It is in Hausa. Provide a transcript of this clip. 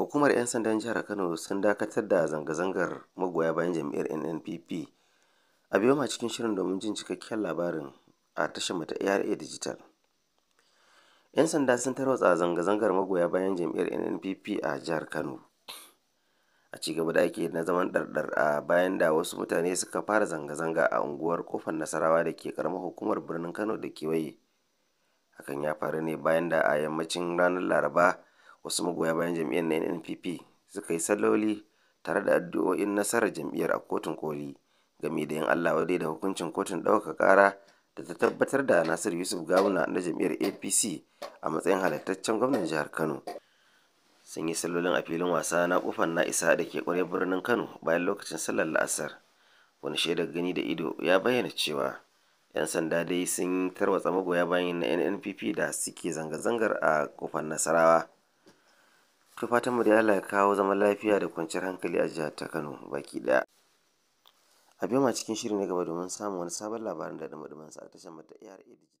hukumar 'yan sandan jihar kano sun dakatar da zanga-zangar magoya bayan jam'iyyar nnpp a biyo ma cikin shirin domin jin cikakken labarin a tashar mata ara digital 'yan sanda sun tarwatsa zanga-zangar magoya bayan jam'iyyar nnpp a jihar kano a cigaba da ake na zaman ɗarɗar a bayan da wasu mutane suka fara zanga-zanga a unguwar kofar nasarawa da ke karamar hukumar birnin kano da kewaye hakan ya faru ne bayan da a yammacin ranar laraba wasu magoya bayan jam'iyyar na NNPP suka yi saloli tare da addu'o'in nasarar jam'iyyar a kotun koli game da yin Allah wadai da hukuncin kotun ɗaukaka ƙara da ta tabbatar da Nasir Yusuf Gawuna na jam'iyyar APC a matsayin halittaccen gwamnan jihar Kano. Sun yi sallolin a filin wasa na kufan na isa da ke kwarai birnin Kano bayan lokacin sallar la'asar. Wani shaidar gani da ido ya bayyana cewa 'yan sanda dai sun tarwatsa magoya bayan na NNPP da suke zanga-zangar a kofar Nasarawa. to fatan mu da Allah ya kawo zaman lafiya da kwanciyar hankali a jihar ta Kano baki daya a biyo ma cikin shiri na gaba domin samun wani sabon labarin da dumadumin sa a tashar mu ta ARA